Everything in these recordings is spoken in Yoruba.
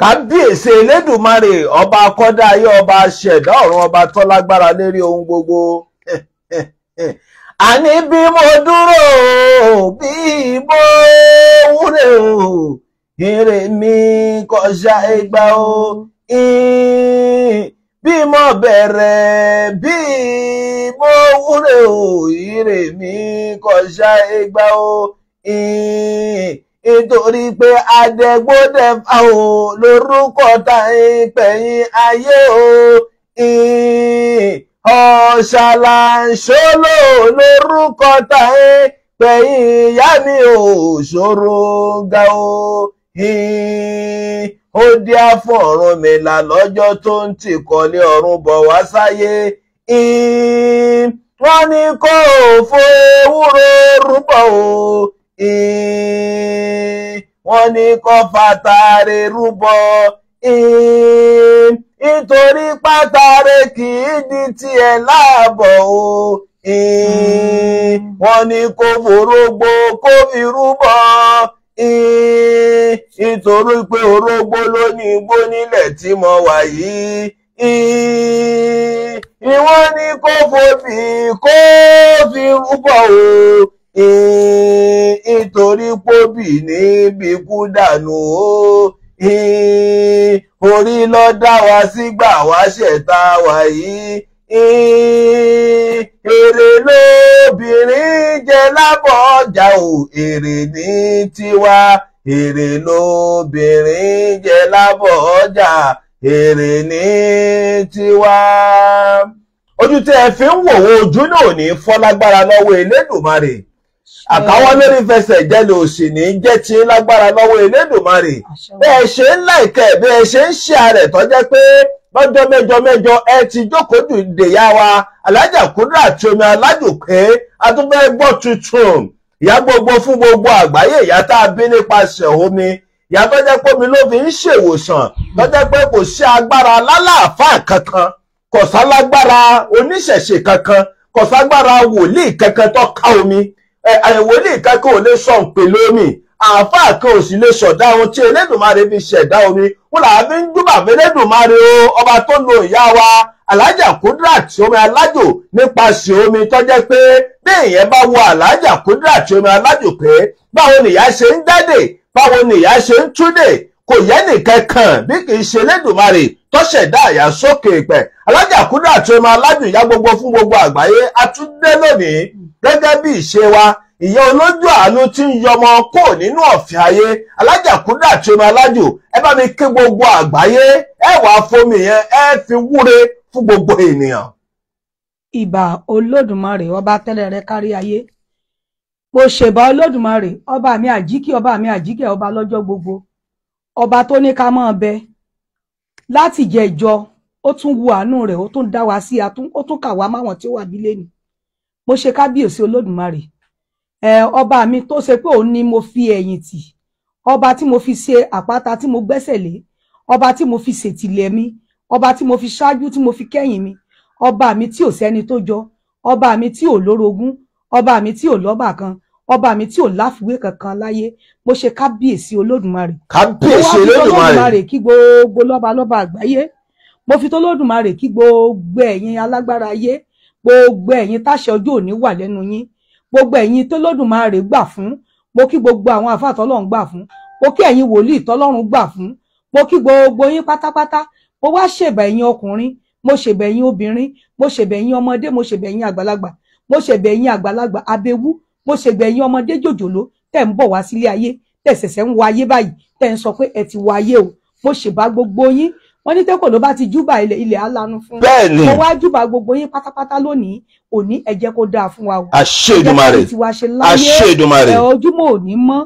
kábíyèsí elédùmarè ọba akọ́dáyé ọba ṣẹ̀dá ọ̀run ọba tó lágbára lérí ohun gbogbo àní bí mo dúró bí mo wúre o èrè mi kọjá igba o bí mo bẹ̀rẹ̀ bí mo wúre o èrè mi kọjá igba o nítorí pé àdẹ́gbọ́dẹ́fà ò lórúkọ ta ìpẹ̀yìn ayé o ọ̀ṣàlàṣọ́lò lórúkọ ta ìpẹ̀yìn ìyá mi ò ṣòro ga o ó dí àfọ̀ ọ̀run mi là lọ́jọ́ tó ń tì kọ́lé ọ̀run bọ̀ wá sáyé wọ́n ní kó o fo ewúro rúbọ̀ o. Eh, wọ́n ní kó fàtàrẹ rúbọ eh, nítorí pátárẹ kì í di tiẹ̀ láàbọ̀ o eh, hmm. wọ́n ní kó forógbó kó fi rúbọ nítorí pé orógbó ló ní igbó nílẹ̀ tí mo wà yìí ìwọ́n ní kó fòbí kó fi rúbọ o nítorí póbì níbi kú dànù ó orí ló dá wa sígbà wá ṣẹ̀ta wà yìí èrè lóbìnrin jẹ lábọ̀ ọjà ò èrè ní tiwa èrè lóbìnrin jẹ lábọ̀ ọjà èrè ní tiwa ojú tí ẹ fi ń wòwò ojú náà ní fọ́ lágbára lọ́wọ́ Elédùmarè àkáwọ́ lórí fẹsẹ̀ ìjẹ́lẹ̀ òsì ní jẹ́ ti lágbára lọ́wọ́ Elédùmarè bẹ́ẹ̀ ṣe ń láìkẹ́ bẹ́ẹ̀ ṣe ń ṣe ààrẹ tó jẹ́ pé lọ́jọ́ mẹ́jọ mẹ́jọ ẹ ti jókòó dìyà wa alájà kúndà àti omi aládùnké adúgbẹ́ gbọ́ tuntun ìyá gbogbo fún gbogbo àgbáyé ìyá tá a bí nípasẹ̀ omi ìyá tó jẹ́ pé omi ló fi ń ṣèwòsàn tó jẹ́ pé kò sí agbára lálàáfáà kankan kò oníṣẹ̀ṣe kankan kò wòlíì kankan tó ká omi àyẹ̀wò ní ìkákò lè sọ pé lónìí àáfàá kan ò sì lè ṣọ̀dá ohun tí elédùnmarè fi ṣẹ̀dá omi wọn làá fi ń dúbà fẹlẹ́dùnmarè o ọba tó lo ìyá wa alájà Kudirat omi alájò nípasẹ̀ omi tó jẹ́ pé bí èèyàn bá wo alájà Kudirat omi alájò pé báwo nìyá ṣe ń dádè báwo nìyá ṣe ń túdè kò yẹ nìkankan bí kì í ṣe lẹ́dùnmarè tó ṣẹ̀dá àyà sókè ìpẹ̀ alájà Kudirat Omi aládùn ìyá gbogbo fún gbogbo àgbáyé atúndé lónìí gẹ́gẹ́ bí ìṣe wa ìyá olójú àánú tí ń yọmọ kò nínú ọ̀fìn ayé alájà Kudirat Omi aládùn ẹ bá mi kí gbogbo àgbáyé ẹ wàá fomi yẹn ẹ fi wúre fún gbogbo ènìyàn. ìbà olódùmarè ọba tẹ́lẹ̀ rẹ kárí ayé mo ṣèbà olódùmarè ọba mi àjíkì ọba mi àjíkì ọba lọ́jọ́ gbogbo ọba tó ní ká máa bẹ láti jẹ ìjọ ó tún wu àánú rẹ̀ ó tún dá wa sí ó tún kà wá máwọn tí ó wà bí lẹni mo ṣe kábíyèsí olódùmarè ẹ ọba mi tó ṣe pé òun ni mo fi ẹ̀yìn tì ọba tí mo fi ṣe àpáta tí mo gbẹ́sẹ̀ lé ọba tí mo fi ṣètìlẹ̀ mi ọba tí mo fi ṣáájú tí mo fi kẹ́yìn mi ọba mi tí ò sẹ́ni tó jọ ọba mi tí ò lórogún ọba mi tí ò lọ́bàkan ọba mi tí ò láfiwé kankan láyé mo ṣe kábíyèsí olódùmarè kábíyèsí olódùmarè kí gbogbo lọ́ba lọ́ba àgbáyé mo fi tolódùmarè kí gbogbo ẹ̀yin alágbára ayé gbogbo ẹ̀yin táṣẹ ọjọ́ òní wà lẹ́nu yín gbogbo ẹ̀yin tolódùmarè gbà fún mo kí gbogbo àwọn àfáà tọ́lọ́run gbà fún mo kí ẹ̀yin wòlíì tọ́lọ́run gbà fún mo kí gbogbo yín pátápátá mo wá ṣèbẹ̀ ẹ̀yin ọkùnrin mo ṣèbẹ̀ ẹ̀yin obìnrin mo ṣèbẹ̀ ẹ̀yin ọmọdé mo ṣèbẹ̀ ẹ̀yin àgbàlagbà mo ṣèbẹ̀ ẹ̀yin àgbàlagbà abewú mo ṣègbẹ̀yìn ọmọdé jòjòló tẹ̀ ń bọ̀ wá sílé ayé tẹ̀ ṣẹ̀ṣẹ̀ ń wọ ayé báyìí tẹ̀ ń sọ pé ẹ ti wọ ayé o mo ṣèbá gbogbo yín wọ́n ní tẹ́kọ̀ ló bá ti júbà ilẹ̀ ilẹ̀ alanu fún wa wá júbà gbogbo yín pátápátá lónìí òní ẹ jẹ́ kó dáa fún wa o àṣẹ Èdùmàrè àṣẹ Èdùmàrè ẹ ojúmọ́ òní mọ́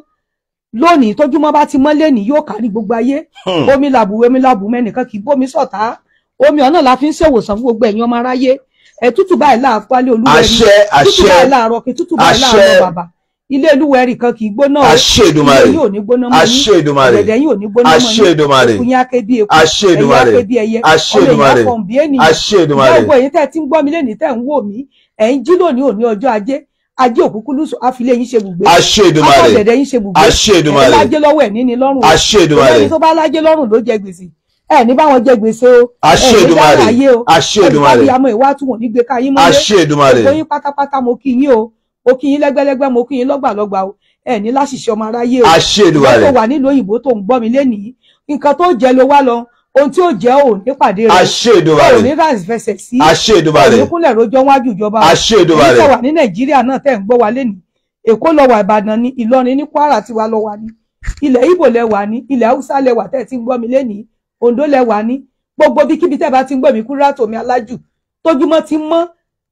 lónìí tójúmọ́ bá ti mọ́ lẹ́nìí yóò kárí gbogbo ayé hmm. omi làbùwé omi làbùmẹ́nìkan kì í bómi sọ̀tá omi ọ̀nà la fi ń ṣèwòsàn fún gbogbo ẹ̀yin ọmọ aráyé ẹ̀tútù báyìí láàfọ wálé olúwẹ̀rí tútù báyìí láàárọ̀ kí tútù báyìí láàárọ̀ bàbá ilé olúwẹ̀rí kan kì í gbóná o ilé yóò ní gbóná mọ́ yín gbẹ̀dẹ̀ yóò ní gbóná mọ́ yín ìkùnyìn ake bí eku ẹ̀yìn ake bí ẹyẹ ọ̀rẹ́ ìyá fọ̀n bí ènìyàn gbogbo èyí tẹ́ ti ń gbọ́ mi lẹ́ni tẹ́ ń wò mí ẹ̀ ń jí lónìí òní ọjọ́ ajé ajé òkúkúlù àfilé yín ṣe gbùgbé àfọ̀dẹ̀dẹ̀ yín ṣe gbùgbé ẹ̀ lájé lọ́wọ́ ẹ̀ níní lọ́rùn ẹ̀ lẹ́ni tó bá lájé lọ́rùn ló jẹ gbèsè ẹ ní báwọn jẹ gbèsè o àṣẹ Èdùmàrè àṣẹ Èdùmàrè àmọ ìwà tún wọn ní gbé ká yín mọlé àṣẹ Èdùmàrè gbogbo yín pátápátá mo kí yín o mo kí yín lẹ́gbẹ́lẹ́gbẹ́ mo kí yín lọ́gbàlọ́gbà o ẹ ní láṣìṣe ọmọ aráyé o àṣẹ Èdùmàrè mo wà nílùú òyìnbó tó ń gbọ́ mi lénìí nǹkan tó jẹ ló wá lọ ohun tí ó jẹ́ ò ní pàdé rẹ̀ àṣẹ Èdùmàrè ò ní rans fẹsẹ̀ sí àṣẹ Èdùmàrè ò ní kúnlẹ̀ rojọ́ wájú ìjọba àṣẹ Èdùmàrè ìṣẹ̀wà ní Nàìjíríà náà tẹ̀ ń gbọ́ wa lénìí Èkó ló wà Ìbàdàn ní Ìlọrin ní Kwara tiwa ló wà ní ilẹ̀ Ìbò lẹ wà ní ilẹ̀ Haúsá lẹ wà tẹ̀ ti ń gbọ́ mi lénìí Ondo lẹ́wà ní gbogbo bí kíbi tẹ́ bá ti ń gbọ́ mi Kúdírát mi alájù tójúmọ́ ti mọ́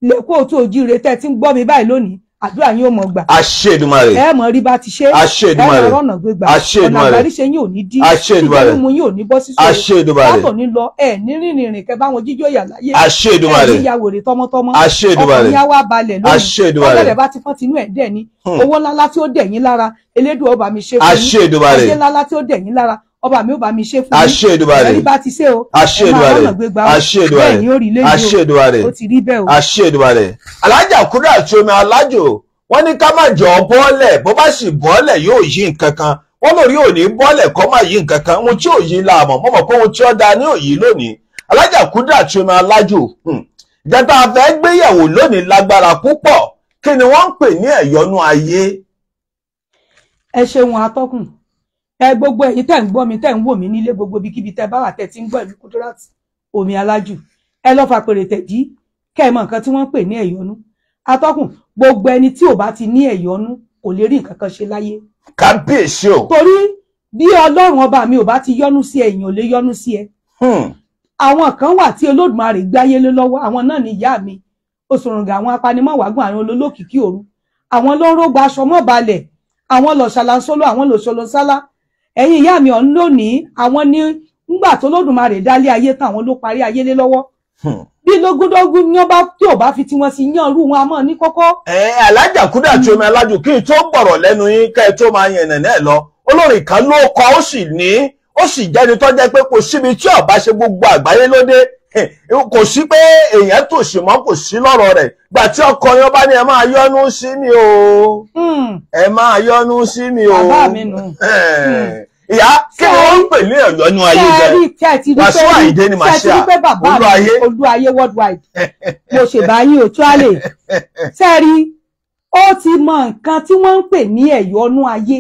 lẹ́kọ́ òtún òjíire tẹ́ ti ń gbọ́ mi báyìí lónìí àdúrà yín ó mọ gbà. àṣẹ Èdùmàrè. ẹ mọ rí bá ti ṣe. àṣẹ Èdùmàrè ẹ mọ ọ̀nà gbégbà. àṣẹ Èdùmàrè ọ̀nà àgbàríṣe yín ò ní dí. àṣẹ Èdùmàrè ìjẹ́nu mu yín ò ní bọ́ sí sòrò. àṣẹ Èdùmàrè látọ̀ ní lọ ẹ ní rìnrìn rìn kẹ báwọn jíjó yà láyé. àṣẹ Èdùmàrè ẹ ní yàwó rè tọmọtọmọ. àṣẹ Èdùmàrè ọkùnrin yàwó abalẹ̀ lónìí. àṣẹ Èdùmàrè ọlọ́rẹ̀ bá ti fọ́n tinú ẹ̀ dẹ̀ ni hmm. owó ńláńlá tí ó dẹ̀ yín lára elédùn ọba mi ṣe fún yín àṣẹ ńláńlá tí ó dẹ̀ yín lára ọba mi ò bá mi ṣe fún mi àṣẹ Èdùmàrè ẹni bá ti ṣe o àṣẹ Èdùmàrè àṣẹ Èdùmàrè bẹ́ẹ̀ ni ó rí lẹ́yìn o ó ti rí bẹ́ẹ̀ o alájà kúrò àti omi alájò wọ́n ní ká má jọ bọ́ọ̀lẹ̀ bó bá sì bọ́ọ̀lẹ̀ yóò yí nǹkan kan wọ́n lórí òní bọ́ọ̀lẹ̀ kọ́ má yí nǹkan kan ohun tí ò yí la mọ̀ mọ̀ mọ̀ pé ohun tí ó da ní òyí lónìí alájà kúrò àti omi alájò hmm. ìjọba afẹ́ gbéyẹ̀wò lónìí lágbára púpọ̀ kí ni wọ́n ń pè ní ẹ̀yọ́nú ayé. ẹ ṣeun atọ́kùn ẹ gbogbo ẹ̀yin tẹ́ ń gbọ́ mi tẹ́ ń wò mí nílé gbogbo ibikíbi tẹ́ bá wà tẹ́ ti ń gbọ́ ìlú Kudirat omi alájù ẹ lọ fa pèrè tẹ̀dí kẹ́ ẹ mọ nǹkan tí wọ́n ń pè ní ẹ̀yọ́nú atọ́kùn gbogbo ẹni tí ò bá ti ní ẹ̀yọ́nú kò lè rí nǹkan kan ṣe láyé. kábíyèsí o. torí bí ọlọ́run ọba mi ò bá ti yọ́nú sí ẹ̀yin ò lè yọ́nú sí ẹ. Hmm. àwọn kan wà tí olódùmarè gbáyé lé lọ́wọ́ àwọn náà ni ìyá mi òṣòròǹgà àwọn apanimọ̀wágùn àwọn olólókìkí òru àwọn ló ń rógbó aṣọ mọ́ balẹ̀ àwọn lọ̀ṣàlàṣọ́lọ́ àwọn lọ̀ṣọ́lọ́sálá ẹ̀yin ìyá mi ọ̀hún lónìí àwọn ní ngbà tó lódùmarè dálé ayé tán àwọn ló parí ayé lé lọ́wọ́ hmm. bí lógúndógún ni wọn bá tí ò bá fi tiwọn sí yan irú wọn a mọ ní kọ́kọ́. ẹ alájà kúdà tí omi alájù kí n tó gbọ̀rọ̀ lẹ́nu yín kẹ́ ẹ tó máa yẹn nẹnẹ lọ olórin kan ló kọ ó sì ní ó sì jẹni tó jẹ pé kò síbi tí ọba ṣe gbogbo àgbáyé lóde kò sí pé èèyàn tòṣì mọ kò sí lọrọ rẹ gbà tí ọkọ yẹn bá ní ẹ máa yọ́nú sí mi o hmm. ẹ máa yọ́nú sí mi o. bàbá mi nù. ìyá kí ni wọ́n ń pè ní ọ̀yọ́ inú ayé jẹ́ wàásù àyídé ni màá ṣe à olú ayé olú ayé worldwide mo ṣèbáyín òtúálè sẹ́ẹ̀rí ó ti mọ nǹkan tí wọ́n ń pè ní ẹ̀yọ́ inú ayé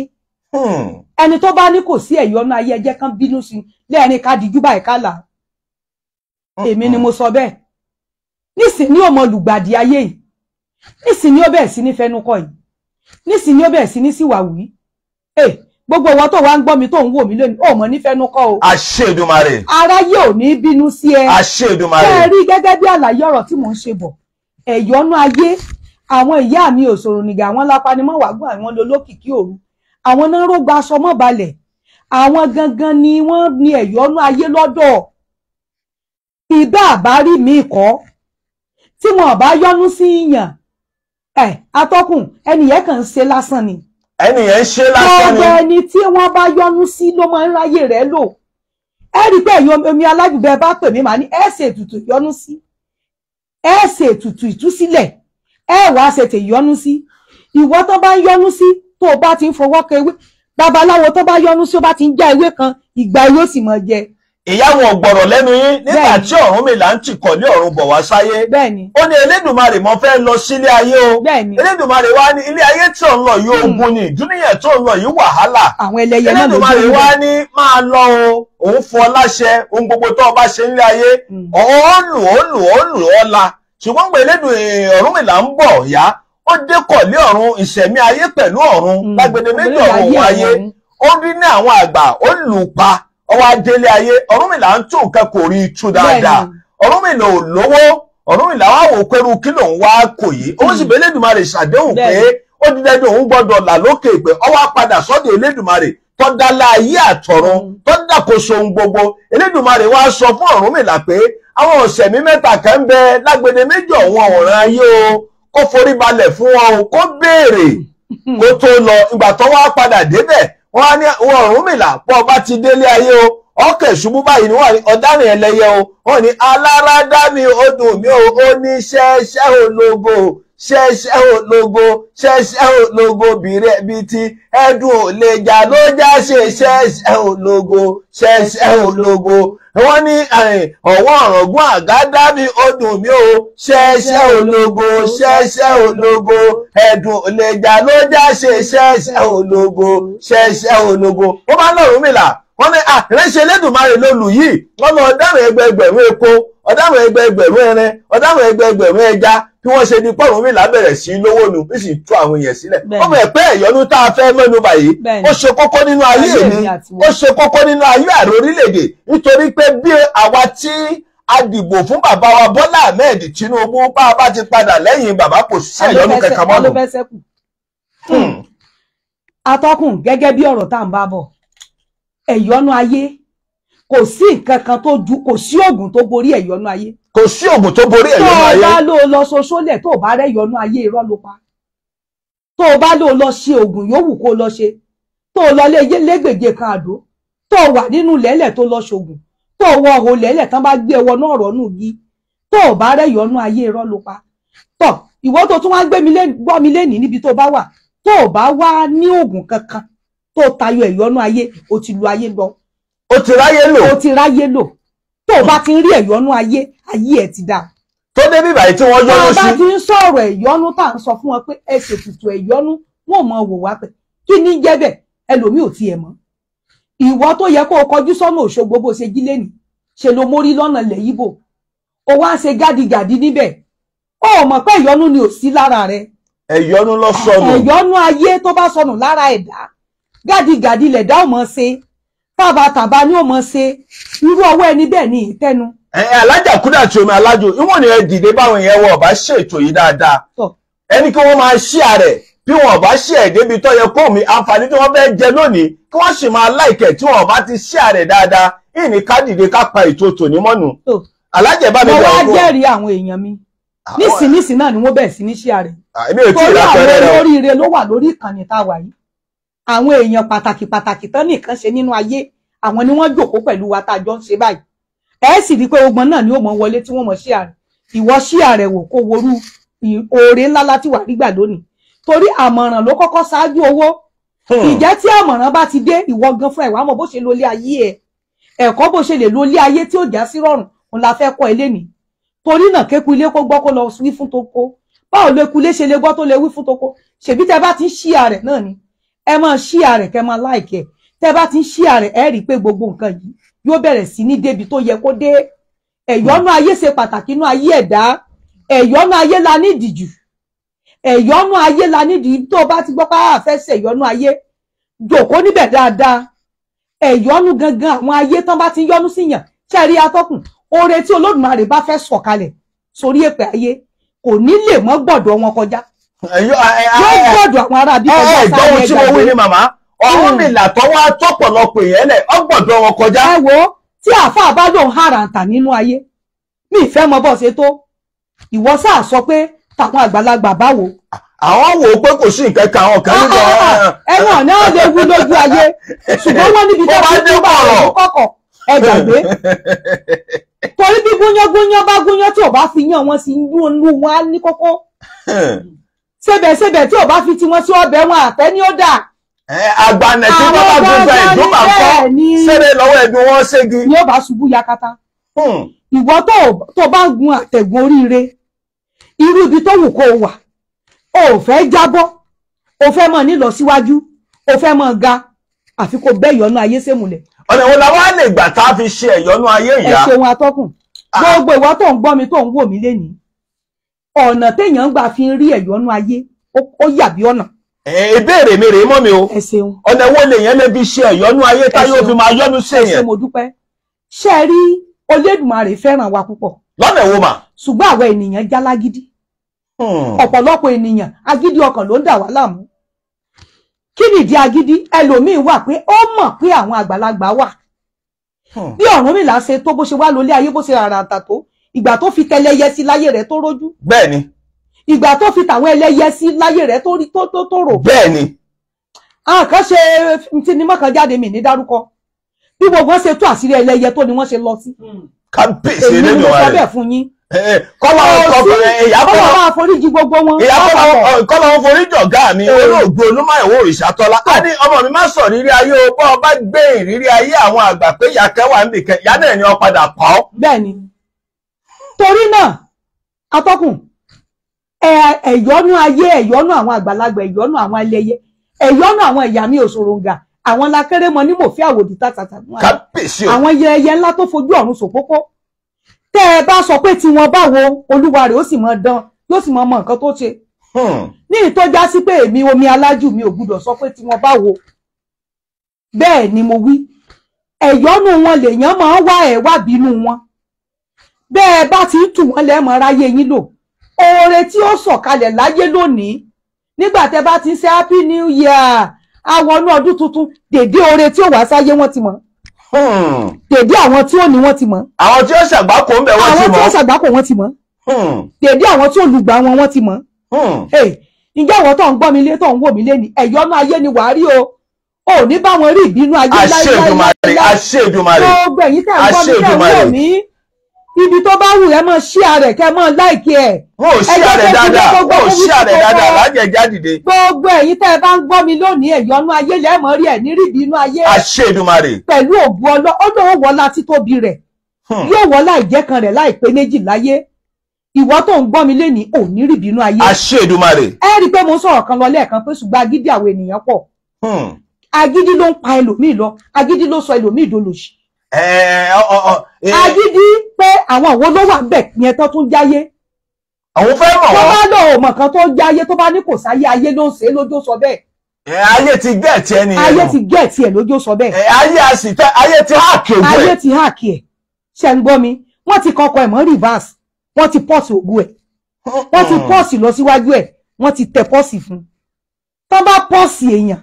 hmm. ẹni tó bá ní kò sí ẹ̀yọ́ inú ayé ẹjẹ́ kan bínú sí lẹ́ẹ̀rin ká dijú báyìí ká là hmm. èmi ni mo sọ bẹ́ẹ̀ nísìn ní ọmọ lùgbàdì ayé yìí nísìn ní ó bẹ̀ẹ̀ sí ní fẹnukọ yìí nísìn ní ó bẹ̀ẹ̀ sí ní síwàwí gbogbo ìwọ tó wá ń gbọ́ mi tó ń wò mí lónìí ò mọ̀ nífẹ̀ẹ́nu kọ́ o. àṣẹ Èdùmàrè. aráyé ò ní bínú sí ẹ. àṣẹ Èdùmàrè. kẹ́ ẹ rí gẹ́gẹ́ bí àlàyé ọ̀rọ̀ tí mò ń ṣe bọ̀ ẹ̀yọ́nú ayé àwọn ìyá mi òṣòro nìgà àwọn lápanimọ́ wàgbọ́ àwọn lolókìkí òru àwọn náà rógbó aṣọ mọ́ balẹ̀ àwọn gangan ni wọ́n ní ẹ̀yọ́nú ayé lọ́dọ̀ ìbá àbárí mi kọ́ tí wọn ò bá yọ́nú sí yàn ẹ̀ atọ́kùn ẹnìyẹn kàn ń ṣe lásán ni ẹnìyẹn ṣe lásán ni. gbogbo ẹni tí wọ́n bá yọnu sí ló máa ń ráyè rẹ̀ lò ẹ rí i pé èyí omi alájùbẹ bá pè mí màá ní ẹ ṣe ètùtù ìyọnu sí ẹ ṣe ètùtù ìtúsílẹ̀ ẹ wàá ṣe tè yọnu sí ìwọ tó bá ń yọnu sí tó o bá ti ń fọwọ́ kan ewé babaláwo tó bá yọnu sí ó bá ti ń já ewé kan ìgbà ewé ó sì mọ̀ jẹ ìyáwọn ọ̀gbọ̀rọ̀ lẹnu yín nígbà tí Ọ̀rúnmìlà ń tìkọ̀ ní ọ̀run bọ̀ wá sáyé ó ní Elédùmarè fẹ́ lọ sílé ayé o Elédùmarè wá ní ilé tí ò ń lọ yìí hmm. ogun ni dúníyàn tó ń lọ ní máa o òun fọ láṣẹ ohun gbogbo tó ṣe nílé ayé hmm. ṣùgbọ́n pé Elédùn ń bọ̀ yá ó dé ìṣẹ̀mí ayé pẹ̀lú hmm. méjì ó rí ní àwọn ọwọ́ adélé ayé ọ̀rúnmìlà ń tún nǹkan kò rí tú dáadáa ọ̀rúnmìlà ò lówó ọ̀rúnmìlà wà wò pẹ́rú kí lòun wá kò yìí hmm. ó sì bẹ́ lẹ́dùnmarè ṣàdéhùn pé ó di dandan òun gbọ́dọ̀ là lókè ọwọ́ hmm. gbogbo wá sọ fún ọ̀rúnmìlà pé àwọn ọ̀sẹ̀ mi mẹ́ta kan bẹ o kó forí balẹ̀ fún wọn hmm. lọ ìgbà tó wá wọ́n á ní Ọ̀rúnmìlà pọ̀ bá ti délé ayé o ọkẹ̀ ṣubú báyìí ni wọ́n ní ọ̀daràn ẹlẹ́yẹ o wọ́n ní alárádá mi ó dùn o ó ní ṣẹ́ṣẹ́ ológo ṣẹṣẹ ológo ṣẹṣẹ ológo bìrẹ́ bíi ti ẹ̀dùn ò lè jà ló já ṣe ṣẹṣẹ ológo ṣẹ́ṣẹ́ ológo wọ́n ní ọ̀wọ́ ọ̀rọ̀gún àgádá mi ó dùn mí o ṣẹ́ṣẹ́ ológo ṣẹ́ṣẹ́ ológo ẹ̀dùn lẹ́jà ló já ṣe ṣẹ́ṣẹ́ ológo ṣẹ́ṣẹ́ ológo ó máa lọ́rùn mi là wọ́n ní àrẹ́ṣẹ́ Elédùmarè lolù yìí wọ́n mọ ọ̀daràn ẹgbẹẹgbẹ̀rún epo ọ̀daràn ẹgbẹẹgbẹ̀rún ẹran ọ̀daràn ẹgbẹẹgbẹ̀rún ẹja bí wọ́n ṣe ní pọ́ùn mi lábẹ̀rẹ̀ sí lówó nu bí sì tú àwọn èèyàn sílẹ̀ wọ́n mọ̀ pé ẹ̀yọ́nú tá a fẹ́ mẹ́nu báyìí ó ṣe kókó nínú ayé mi ó ṣe kókó nínú ayé àrò orílẹ̀-èdè nítorí pé bí àwa tí a dìbò fún bàbá wa Bọ́lá Ahmed Tinubu bá a bá ti padà lẹ́yìn bàbá kò sí ẹ̀yọ́nú kẹ̀kẹ́ mọ́nu. Hmm. atọ́kùn gẹ́gẹ́ bí ọ̀rọ̀ tá à ń bá bọ̀ ẹ̀yọ́nú ayé kò sí nǹkan kan tó ju kò sí oògùn tó borí ẹ̀yọ́nú ayé. kò sí oògùn tó borí ẹ̀yọ́nú ayé. tó o bá lò lọ ṣoṣólẹ̀ tó o bá rẹ̀ ẹ̀yọ́nú ayé irọ́ ló pa tó o bá lò lọ ṣe oògùn yòówù kó lọ ṣe tó o lọ légbèje kan àdó tó o wà nínú lẹ́lẹ̀ tó lọ ṣoògùn tó o wọ ọ̀hún lẹ́lẹ̀ tán bá gbé ẹwọ náà rọ́nù yìí tó o bá rẹ̀ ayé irọ́ ló pa tọ̀ ìwọ tó tún wá gbọ́ mi lé níbi tó bá wà tó o bá wá ní oògùn kankan tó tayọ ẹ̀yọ́nú aye o ti lu ayé lọ. o ti ráyé lo. o ti ráyé lò tó o bá ti rí ẹ̀yọ́nú ayé ayé ẹ̀ ti dáa tó débí báyìí tí wọ́n yọ́nú sí. bàbá ti ń sọ̀rọ̀ ẹ̀yọ́nú tá à ń sọ fún wọn pé ẹ ṣètùtù ẹ̀yọ́nú wọn ò mọ wò wá pé kí ni jẹ́ bẹ́ẹ̀ ẹlòmíì ò tiẹ̀ mọ́. ìwọ tó yẹ kó o kọjú sọ́nà Òṣogbo bó ṣe jí lẹ́nu ṣe ló mórí lọ́nà ilẹ̀ Ìgbò o wá ṣe gádìgàdì níbẹ̀ o ò mọ̀ pé ẹ̀yọ́nú ni ò sí lára rẹ. ẹ̀yọ́nú ló sọnù. ẹ̀yọ́nú ayé tó bá sọnù lára ẹ̀dá gàdígàdí lẹ̀dá ò mọ̀ ṣe tábàtàbà ni ò mọ̀ ṣe irú ọwọ́ ẹni bẹ́ẹ̀ ni ìtẹ́nu. alájà kúdà tí omi alájò ìwọ̀n ni ẹ dìde báwọn yẹn wọ̀ bá ṣètò yìí dáadáa ẹni kí wọ́n máa ṣí ààrẹ bí wọn bá ṣe ẹ débi tó yẹ kó mi àǹfààní tí wọn fẹ́ jẹ lónìí kí wọn sì máa láìkẹ tí wọn bá ti ṣe àrẹ dáadáa ìní ká dìde pa ètò tòní mọnu alájẹ bá mi bẹ ọgbọn. mo wá jẹ́rìí àwọn èèyàn mi ah, nísìnyìísìn náà ni wọ́n bẹ̀rẹ̀ sí ní ṣe àrẹ ah, torí àwọn olóríire ló wà lórí ìkànnì tá a wà yìí àwọn èèyàn pàtàkì pàtàkì tán nìkan ṣe nínú ayé àwọn ni wọ́n jókòó pẹ̀lú wa tá a jọ ń ṣe báyìí ẹ sì rí i pé ogbon náà ni ó mọ wọlé tí wọ́n mọ ṣí àrẹ ìwọ ṣí àrẹ wò kó worú oore ńlá láti wà rígbà lónìí torí àmọ̀ràn ló kọ́kọ́ ṣáájú owó ìjẹ́ hmm. tí àmọ̀ràn bá ti dé ìwọ gan fún ẹ̀wà mọ̀ bó ṣe lo ilé ayé ẹ̀ ẹ̀kọ́ bó ṣe lè lo ilé ayé tí ó já sí rọrùn òun la fẹ́ kọ́ ilé nì torí náà kéku ilé kó gbọ́ kó lọ wí fún toko báwo lè kulé ṣe lè gbọ́ tó lè wí fún toko ṣèbí tẹ bá ti ń ṣí àrẹ̀ náà ni ẹ máa ṣíà rẹ̀ kẹ́ máa láìkẹ́ tẹ́ bá ti ń ṣíà rẹ̀ ẹ rí i pé gbogbo nǹkan yìí yóò bẹ̀rẹ̀ sí ní débi tó yẹ kó dé ẹ̀yọ́nú ayé ṣe pàtàkì inú ayé ẹ̀dá ẹ̀yọ́nú ayé la nídìí jù ẹ̀yọ́nú ayé la nídìí tó bá ti gbọ́ pé a ah, fẹ́ ṣe ẹ̀yọ́nú ayé jòkó níbẹ̀ dáadáa ẹ̀yọ́nú gangan àwọn ayé tán bá ti yọ́nú síyàn ṣẹ́ẹ̀rí atọ́kùn oore tí Olódùmarè bá fẹ́ sọ̀kalẹ̀ sórí èpè ayé kò ní lè mọ́ gbọ́dọ̀ wọn kọjá yóò gbọ́dọ̀ àwọn ará bí kọjá sáré ẹgbẹ́ ẹgbẹ́ tí mo wí ni màmá ọ̀hún mi hmm. làtọ́ wá tọ́pọ̀lọpọ̀ èèyàn lẹ̀ ọgbọ̀dọ̀ wọn kọjá. ẹ wo tí àáfàá bá lòun hàràǹtà nínú ayé mi ìfẹ́ mọ bọ́ ṣe tó ìwọ sáà sọ pé tàwọn àgbàlagbà báwo. àwọn wò ó pé kò sí nǹkan kan àwọn kan nínú. ẹ̀wọ̀n náà lè wú lójú ayé ṣùgbọ́n wọ́n níbi tó ti ń bá ọ̀rọ̀ kọ̀kọ̀ ẹ gbàgbé torí bí gúnyán gúnyán bá gúnyán tí ò bá fi yán wọn sí inú olú wọn á ní kókó hmm ṣébẹ̀ṣébẹ̀ tí ò bá fi tiwọn sí ọbẹ̀ wọn àtẹ́ ní ó dà. àgbàna tí wọn bá gbogbo ẹdùn bá kọ ṣẹlẹ̀ lọ́wọ́ ẹdùn wọn ṣégi. ni ó bá ṣubú yakata. Hmm. ìwọ tó bá gun àtẹ̀gùn oríire irú ibi tó wù kó o wà o ò fẹ́ o fẹ́ mọ̀ nílọ síwájú o fẹ́ mọ̀ ga àfi kó bẹ́ ìyọnu ayé sèmùlẹ̀. ọ̀nà ìwọ làwọn á lè gbà tá a fi ṣe ẹ̀yọnu ayé ìyá. ẹ ṣeun atọ́kùn ah. gbogbo ìwọ tó ń gbọ́ mi tó ń wò mí lénìí ọ̀nà téèyàn gbà fi ń rí ẹ̀yọ́nú ayé ó yàbí ọ̀nà. ìbéèrè mi rèé mọ́ mi o ọ̀nà wo lèèyàn lè fi ṣe ẹ̀yọ́nú ayé táyé ó fi máa yọ́nú sí èèyàn. ẹ ṣé mo dúpẹ́ ṣe é rí Olódùmarè fẹ́ràn wa púpọ̀. lọ́nà wo mà. ṣùgbọ́n àwọn ènìyàn já lágídí hmm. ọ̀pọ̀lọpọ̀ ènìyàn agídí ọkàn ló ń dà wá láàmú kí nìdí agídí ẹlòmíín wà pé ó mọ̀ pé àwọn àgbàlagbà wà hmm. bí Ọ̀rúnmìlà ṣe tó bó ṣe wá lólé ayé bó ṣe ràràǹtà tó ìgbà tó fi tẹlẹyẹ sí láyé rẹ̀ tó rójú. bẹ́ẹ̀ni. ìgbà tó fi tàwọn ẹlẹ́yẹ sí láyé rẹ̀ tó tó tó rò. bẹ́ẹ̀ni. àkànṣe tinimọ kan jáde mi ní dárúkọ bí gbogbo ṣe tú àṣírí ẹlẹ́yẹ tó ni wọ́n ṣe lọ sí. Hmm. kábíyèsí lẹ́nu rẹ̀ èmi ló sọ bẹ́ẹ̀ fún yín. kọ́lá kọ́lá máa foríjì gbogbo wọn. kọ́lá wọn foríjì ọ̀gá mi olóògbé olúmáyọ̀wó òrìṣàtọ́lá. a ní ọmọ mi máa sọ rírí ayé o bọ́ ọ bá gbé ìrírí ayé àwọn àgbà pé ìyá kẹwàá ń bì kẹ ìyá náà ni ọ padà pa ọ. bẹ́ẹ̀ni torí náà atọ́kùn ẹ̀yọ́nú ayé ẹ̀yọ́nú àwọn àgbàlagbà ẹ̀yọ́nú àwọn ẹlẹ́yẹ ẹ̀yọ́nù àwọn ìyá mi òṣòròǹgà àwọn lakẹ́rẹ́mọ ní mòfin àwòdì tàtàtà àwọn yẹyẹ ńlá tó fojú ọ̀run ṣòpópó tẹ́ ẹ bá sọ pé tiwọn báwo olúwa rẹ̀ ó sì mọ dán yóò sì mọ mọ nǹkan tó ṣe hmm. ní ìtọ́já sí pé èmi omi alájù mi ò gbúdọ̀ sọ pé tiwọn báwo bẹ́ẹ̀ ni mo wí ẹ̀yọ́nù wọn lèèyàn máa ń wá ẹ̀ wá bínú wọn bẹ́ẹ̀ bá ti tù wọ́n lẹ́mọ̀ ráyé yín lò oore tí ó sọ̀kalẹ̀ láyé lónìí nígbà tẹ́ bá ti ń ṣe happy new year àwọn ọdún tuntun dèdé oore tí ó wá sáyé wọ́n ti mọ̀ hmm. dèdé àwọn tí ó ní wọ́n ti mọ̀. àwọn tí ó ṣàgbákò ń bẹ wọ́n ti mọ̀ àwọn tí ó ṣàgbákò wọ́n ti mọ̀ hmm. dèdé àwọn tí ó lùgbà wọn wọ́n ti mọ̀. Hmm. ǹjẹ́ ìwọ tó ń gbọ́ mi lé tó ń wò mí lé ni ẹ̀yọ́nú ayé ni wàá rí o ò ní bá wọn rí ìbínú ayé láyé láyé láyé gbogbo ẹ̀yin tẹ̀ ń gbọ́ mi tẹ̀ ń wò mí ibi tó bá wù ẹ mọ ṣí ààrẹ kẹ mọ láìkí ẹ. mo ò ṣí ààrẹ dáadáa mo ò ṣí ààrẹ dáadáa lájẹjá dìde. gbogbo ẹ̀yin tẹ́ ẹ bá ń gbọ́ mi lónìí ẹ̀yọ́nú ayé lẹ́ẹ̀mọ́ rí ẹ̀ nírìbí inú ayé. àṣẹ Èdùmàrè. pẹ̀lú òbu ọlọ́ ọlọ́wọ́ wọlá títóbi rẹ̀ hmm. yóò wọ́ láìjẹ́ kan rẹ̀ láìpé méjì láyé ìwọ tó ń gbọ́ mi lénìí ò ní rìbí inú ayé. àṣẹ Èdùmàrè. ẹ rí i pé mo ń sọ̀rọ̀ kan lọ lẹ́ẹ̀kan pé ṣùgbọ́n agídí àwọn ènìyàn pọ̀ hmm. agídí ló ń pa ẹlòmíì lọ agídí ló sọ ẹlòmíì dolòṣì Eh, oh, oh, oh, eh. agídí pé àwọn òwò ló wà ń yẹn tó tún jáyé àwọn fẹ́ mọ̀ wọ́n. tó bá lọ òmọ̀ kan tó jáyé tó bá ní kò sáyé ayé ló ń ṣe lójó sọ bẹ́ẹ̀. Eh, ayé ti gẹ̀ tiẹ̀ nìyẹn. ayé ti gẹ̀ tiẹ̀ lójó sọ bẹ́ẹ̀. ayé a sì tẹ ayé ti háàkì ògùn ẹ̀. ayé ti háàkì ẹ̀ ṣe ń gbọ́ mi wọ́n ti kọkọ ẹ̀ mọ́ reverse wọ́n ti pọ́ọ̀sì ògùn ẹ̀ wọ́n ti hmm. pọ́ọ̀sì lọ síwájú ẹ̀ wọ́n ti tẹ pọ́ọ̀sì fún tó bá pọ́ọ̀sì èèyàn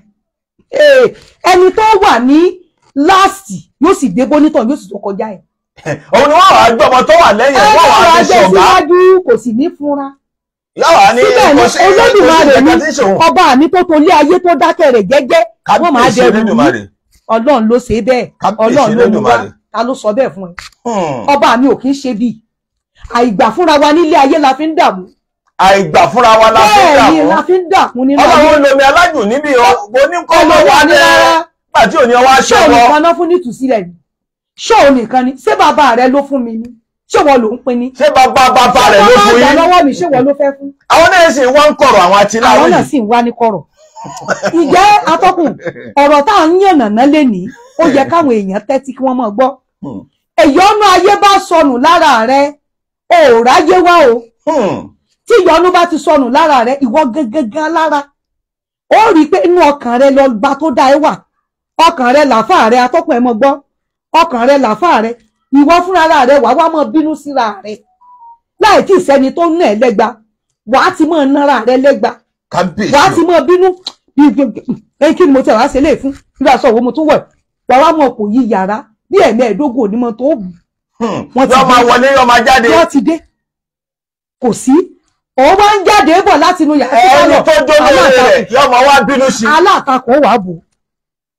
ẹni tó wà ní last yóò sì dé bónítọ̀ yóò sì tó kọjá ẹ̀. òun ni wọ́n wàá gbọ́ ọmọ tó wà lẹ́yìn ẹ̀ wọ́n wàá fi ṣọ̀gá. kò sì ní fúnra. yàrá ni Olódùmarè ni ọba mi tó tolé ayé tó dákẹ́ rẹ̀ jẹ́jẹ́ wọ́n máa dẹrù mi ọlọ́run ló ṣe bẹ́ẹ̀ ọlọ́run ló ní wá ta ló sọ bẹ́ẹ̀ fún ẹ hmm. ọba mi ò kí ń ṣe bíi àìgbà fúnra wa nílé ayé la fi ń dààmú àìgbà fúnra wa la fi ń dààmú ọlọ́run lomi alájù níbi oníkọ́ wà ní pàtí òní ọwọ́ aṣọ lọ. ṣé òun kan náà fún nítùsílẹ̀ ni ṣé òun nìkan ni ṣé bàbá rẹ ló fún mi ni ṣé wọ́n ló ń pin ni. ṣé bàbá bàbá rẹ ló fún yín. ṣé wọ́n máa jà lọ́wọ́ mi ṣé wọ́n ló fẹ́ fún. àwọn náà sì ń wá ń kọ̀rọ̀ àwọn àti láwọn yìí. àwọn náà sì ń wá ní kọ̀rọ̀. ìjẹ́ atọ́kùn ọ̀rọ̀ tá à ń yànnàná lé ní ó yẹ káwọn èèyàn tẹ́tí kí wọ́n máa gbọ́. èyọ́nú hmm. ayé bá sọnù lára rẹ òòráyé wá o. Hmm. tí ìyọnu bá ti sọnù lára rẹ ìwọ gangan lára ó rí i pé inú ọkàn rẹ lọ gba tó dá ẹ wà ọkàn rẹ làáfà rẹ atọ́kùn ẹ mọ gbọ́ ọkàn rẹ làáfà rẹ ìwọ fúnra rẹ wàá wá mọ bínú síra rẹ láì tí ìsẹni tó ń nà ẹ lẹ́gba wàá ti mọ nára rẹ lẹ́gba wàá ti mọ bínú ẹ kí ni mo tẹ wàá ṣe léèfún irú aṣọ òwò mo tún wẹ̀ wàá wá mọ kò yí yàrá bí ẹ̀mẹ́ẹ̀ẹ́dógún onímọ̀ tó bù. Hmm. wọ́n ti máa wọlé yọ máa jáde. wọ́n ti dé kò sí òun máa ń jáde bọ̀ látinú yàrá. ẹni tó jó lórí rẹ̀ yọ máa wá bínú sí. alátakò wàá bò ó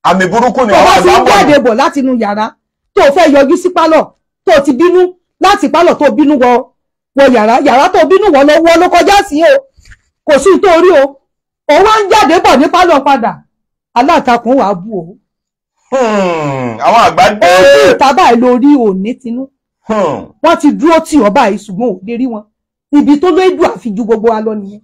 àmì burúkú ni àwọn àgbà ń bọ̀. tó bá ti ń jáde bọ̀ láti inú yàrá tó fẹ́ yọjú sí pálọ̀ tó ti bínú láti pálọ̀ tó bínú wọ wọ yàrá yàrá tó bínú wọ lọ́wọ́ ló kọjá sí o kò sí nítorí o òun wá ń jáde bọ̀ ní pálọ̀ padà alátakùn wàá bù o. Hmm, àwọn àgbà dé. ó ní ìtàbà lórí òní tinú hmm. wọ́n ti dúró tì ọ́ báyìí ṣùgbọ́n ò lè rí wọn ibi tó lóye dùn àfi ju gbogbo wa lọ nìyẹn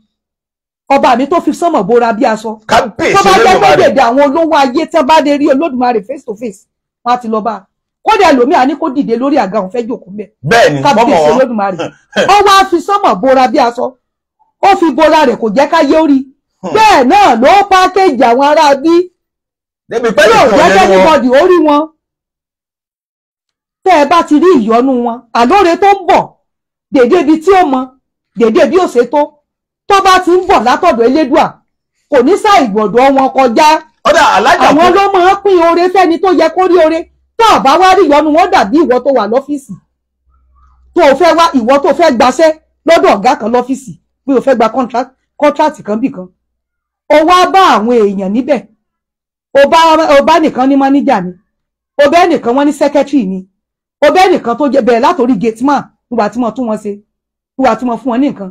ọba mi tó fi sánmọ̀ bora bí aṣọ kábíyèsí ló ló bá rẹ tó bá jẹ́ pé àwọn olówó ayé tán bá dé rí olódùmarè face to face wọn á ti lọ bá kódà ẹlòmíì á ní kó dìde lórí àga òun fẹ́ jòkó mẹ́ bẹ́ẹ̀ni kábíyèsí olódùmarè ó wá fi sánmọ̀ bora bí aṣọ ó fi bora rẹ̀ kò jẹ́ ká yé orí hmm. bẹ́ẹ̀ náà ló pákéjì àwọn ará bí yóò jẹ́ kẹ́nìbọ̀dì orí wọn tẹ́ ẹ bá ti rí ìyọnu wọn àlóore tó ń tó bá ti ń bọ̀ látọ̀dọ̀ elédùà kò ní sá ìgbọ̀dọ̀ wọn kọjá àwọn ló máa ń pín oore fẹ́ni tó yẹ kó rí oore tó bá wá rí ìyọnu wọn dàbí ìwọ tó wà lọ́fíìsì tó fẹ́ wá ìwọ tó fẹ́ gbaṣẹ́ lọ́dọ̀ ọ̀gá kan lọ́fíìsì pé o fẹ́ gba contract kan bì kan o wá bá àwọn èèyàn níbẹ̀ o bá nìkan ní máníjà ni o bẹ́ẹ̀ nìkan wọ́n ní secretary ni o bẹ́ẹ̀ nìkan tó jẹ bẹ̀rẹ̀ látòrí gateman nígbà tí mo tún wọn ṣe nígbà tí mo fún wọn ní nǹkan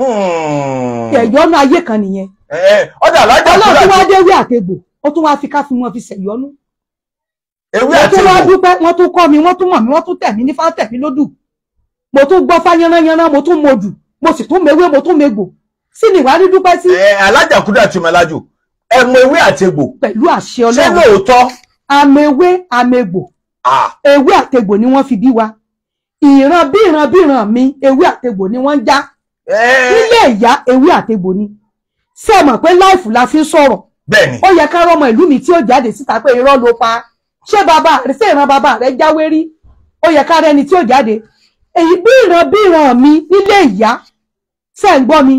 ṣẹ̀yọ́nú hmm. ayé kan nìyẹn. Eh, ọ̀dà alájà ọlọ́run tí wọ́n dé ewé àtegbò ó tún wá fi ká fi mọ́ fi ṣẹ̀yọ́nú. ewé àtegbò wọ́n tún wá dúpẹ́ wọ́n tún kọ́ mi wọ́n tún mọ̀ mi wọ́n tún tẹ̀ mí ní fáńtẹ̀ mi lódù mo tún gbọ́ fáyánrányánrán mo tún mojù mo sì tún mewé mo tún megbò sí ni ìwádìí dúpẹ́ sí. Eh, alájà kúdà ti mọ̀lájò ẹ mọ ewé àtegbò. pẹ̀lú àṣẹ ọlọ́run ṣé lóòótọ́. amewé amegbò ewé àtegbò ni wọ́n fi bí wa ìran bí ìran bí ìran mi ewé àtegbò ni wọ́n já. Eh. ilé ìyá ewé àtegbò ni ṣé ẹ mọ̀ pé láìfù la fi ń sọ̀rọ̀ ó yẹ ká rọmọ ìlú mi tí ó jáde síta pé irọ́ ló pa ṣé bàbá rẹ ṣé ìran bàbá rẹ jáwé rí ó yẹ ká rẹni tí ó jáde èyí bí ìran bí ìran mi nílé ìyá ṣé ń gbọ́ mi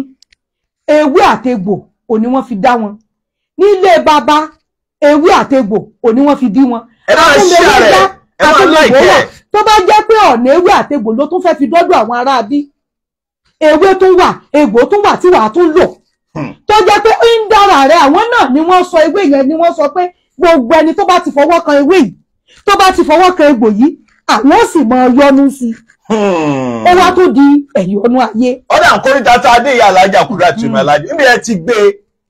ewé àtegbò ò ní wọ́n fi dá wọn nílé bàbá ewé àtegbò ò ní wọ́n fi dí wọn àtúndéwé dá àtúndéwé wà tó bá jẹ́ pé ọ̀nà ewé àtegbò ló tún fẹ́ fi dọ́dọ̀ àwọn aráabí ewé tún wà egbò tún wà tí wàá tún lò hmm. tó jẹ́ pé ń dára rẹ̀ àwọn náà ni wọ́n sọ ewé yẹn ni wọ́n sọ pé gbogbo ẹni tó bá ti fọwọ́ kan ewé yìí tó bá ti fọwọ́ kan egbò yìí àwọn sì mọ yọnu sí i hmm. ó wá tó di ẹ̀yìn ọ̀nà ayé. ọ̀dà nkórìtà tá a dé ìyá alájà kúrò àti ìmọ̀ hmm. alájà níbi ẹ ti gbé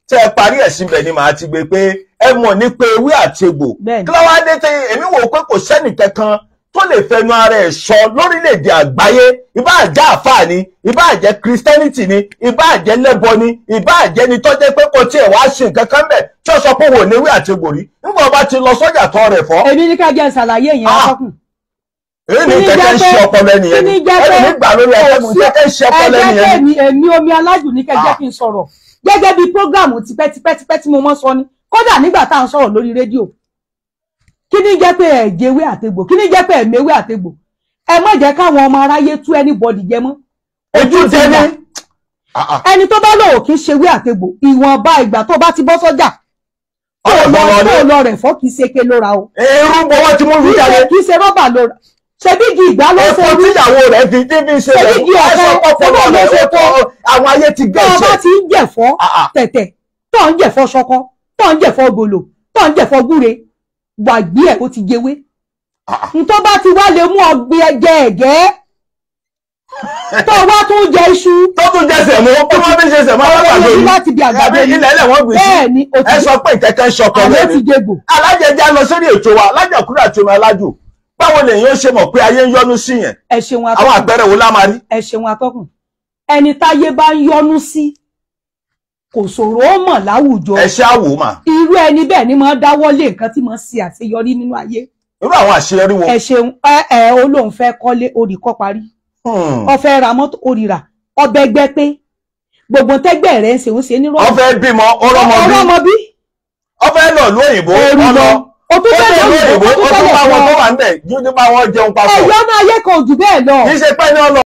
tẹ ẹ parí ẹ síbẹ̀ ni màá ti gbé pé ẹ mọ̀ ní pé ewé àti egbò kí ló wá dé tẹ èmi wò pé kò sẹ́nì tó lè fẹnu ara ẹ̀ sọ lórílẹ̀‐èdè àgbáyé ìbá àjẹ́ àfáà ni ìbá àjẹ́ christianity ni ìbá àjẹ́ lẹ́bọ ni ìbá àjẹ́ ni tọ́jẹ́ pé kò tiẹ̀ wá ṣe nǹkan kan bẹ̀ tí ó sọ pé wò léwé àti gbòrí nígbà ọba ti lọ sọ́jà tọ́ rẹ̀ fọ́. èmi ní ká jẹ́ ṣàlàyé yẹn ọkùn. èyí ni kẹ́kẹ́ ń ṣe ọpọlọ nìyẹn ni ẹni nígbà lórí ẹgbẹ́ kẹ́kẹ́ ń ṣe ọpọlọ nìyẹn ni. ẹ̀mí omi alájù ní kẹ́jẹ́ ah! kí n sọ̀rọ̀ gẹ́gẹ́ bí prógráàmù tipẹ́tipẹ́tipẹ́ tí mo mọ́ sọ ni kódà nígbà tá à ń sọ̀rọ̀ lórí kí ni jẹ́ pé ẹ jẹwé àtegbò kí ni jẹ́ pé ẹ mewé àtegbò ẹ má jẹ́ káwọn ọmọ aráyé tú anybody jẹ mọ́ ojú tẹni ah, ah. ẹni tó bá lòó kí ṣe wé àtegbò ìwọ̀nba ìgbà tó bá ti bọ́ sọ́jà tó lọ rẹ̀ fọ́ kì í ṣe ké lóra o. irú bọ́wọ́ tí mo rí jáde. kì í ṣe rọ́bà lóra ṣebígi ìgbà ló ṣe orí ìyàwó rẹ̀ fi débi ṣe rẹ̀ ṣebígi ọ̀fẹ́ tó ló ṣe kọ́ àwọn ayé ti gẹ̀ ṣe. tó bá ti ń jẹ̀fọ́ ah, tẹ̀tẹ̀ tó ń jẹ̀fọ́ ṣọkọ tó ń jẹ̀fọ́ gbòlò tó ń jẹ̀fọ́ gúre gbàgbé ẹ̀ ó ti jẹwé ah, ah. ntọ́ bá ti wá lè mú ọgbẹ́ ẹ̀jẹ̀ ẹ̀gẹ́ tó wá tún jẹ iṣu. tó tún jẹ sẹ̀mó ó máa fi ṣe sẹ̀mó alágbàdo yìí láti bí àgbàdo yìí ilẹ̀ ẹlẹ̀ wọ́n ẹ sọ pé ìkẹ́kẹ́ ṣọkọ rẹ̀ alájẹjẹ lọ sórí ètò wa alájàkúrò àti omi alájò báwo lèyìn ó ṣe mọ̀ pé ayé ń yọ́nú sí yẹn àwọn àpẹẹrẹ wo la máa rí. ẹ ṣeun atọ́kùn ẹni táyé bá ń yọ́nú sí kò sọ̀rọ̀ ó mọ̀ láwùjọ. ẹ ṣe àwò mà. irú ẹni bẹ́ẹ̀ ni máa dáwọ́ lé nǹkan tí mo ṣe àṣeyọrí nínú ayé. irú àwọn àṣeyọrí wo. ẹ ṣeun ẹ ẹ ó lóun orí kọ́ parí. Hmm. ó ra mọ́tò orí rà ọbẹ̀ gbẹ pé gbogbo tẹ́gbẹ́ rẹ̀ ń ṣe ń ṣe nírọ̀. ó bímọ ọlọ́mọ bí. ó fẹ́ lọ lóyìnbó ọlọ o tún fẹ́ lọ òyìnbó o tún fẹ́ lọ òyìnbó o tún bá wọn tó wà ń bẹ̀ ju ní bá wọn jẹun papọ̀. ẹ̀yọ́ náà ayé kan jù bẹ́ẹ̀ lọ. kì í ṣe pẹ́ ní ọlọ